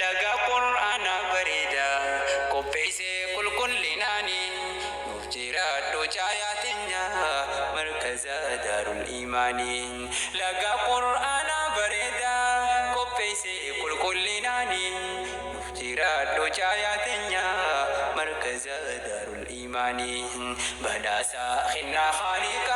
laga qur'aana bareeda qopheessee qulqullinaan nuuf jiraadhu caayaa teenya markaza daarul imaanii laga qur'aana bareeda qopheessee qulqullinaan nuuf jiraadhu caayaa teenya markaza daarul imaanii badhaasa khinnaa haaliqa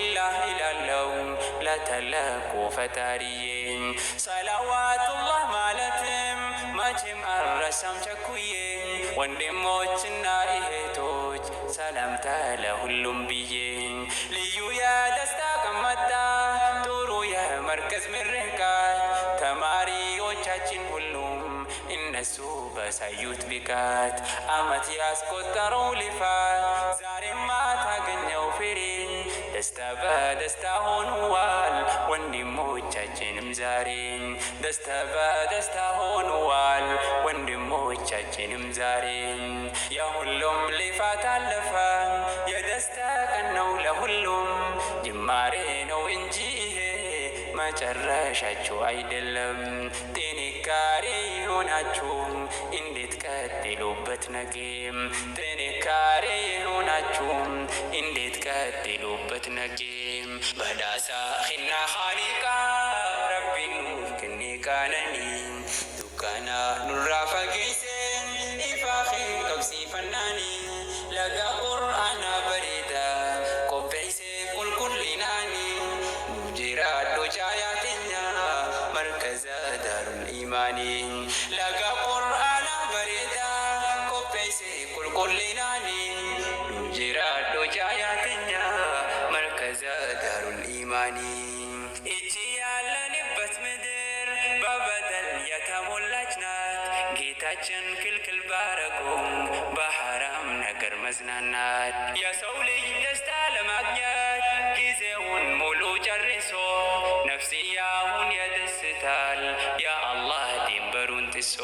ለተለኩ ፈጣሪዬን ሰላዋቱላህ ማለትም መቼም አረሳም ቸኩዬ ወንድሞችና እህቶች ሰላምታ ለሁሉም ብዬ ልዩ የደስታ ቀመጣ ጥሩ የመርከዝ ምርቃት ተማሪዎቻችን ሁሉም እነሱ በሳዩት ብቃት አመት ያስቆጠረው ልፋት ዛሬማ ታገኘው ፍሬ ደስታ በደስታ ሆኑዋ ወንድሞቻችንም ዛሬ ደስታ በደስታ ሆኗል። ወንድሞቻችንም ዛሬ የሁሉም ልፋት አለፈ። የደስታ ቀን ነው ለሁሉም ጅማሬ ነው እንጂ መጨረሻችሁ አይደለም። ጥንካሬ ይሆናችሁ እንዴት ቀጥሉበት ነገም እንዴት ቀጥሉበት ነጌም በዳሳ ኺና ኻሊቃ ረቢኑ ክኒ ቃነኒ ዱካና ኑራ ፈጌሴን ኢፋኺ ቀብሲ ፈናኒ ለጋ ቁርአና በሬታ ቆቤይሴ ቁልቁልሊናኒ ሙጅራ ዶጃያቴኛ መርከዘ ዳሩል ኢማኒ ለጋ ቁርአና በሬዳ ቆቤይሴ ቁልቁልሊናኒ ሙጅራ ዳሩል ኢማኒ እቺ ያለንበት ምድር በበደል የተሞላች ናት። ጌታችን ክልክል ባረጉም በሐራም ነገር መዝናናት የሰው ልጅ ደስታ ለማግኘት ጊዜውን ሙሉ ጨርሶ ነፍስያሁን ያደስታል የአላህ ድንበሩን ጥሶ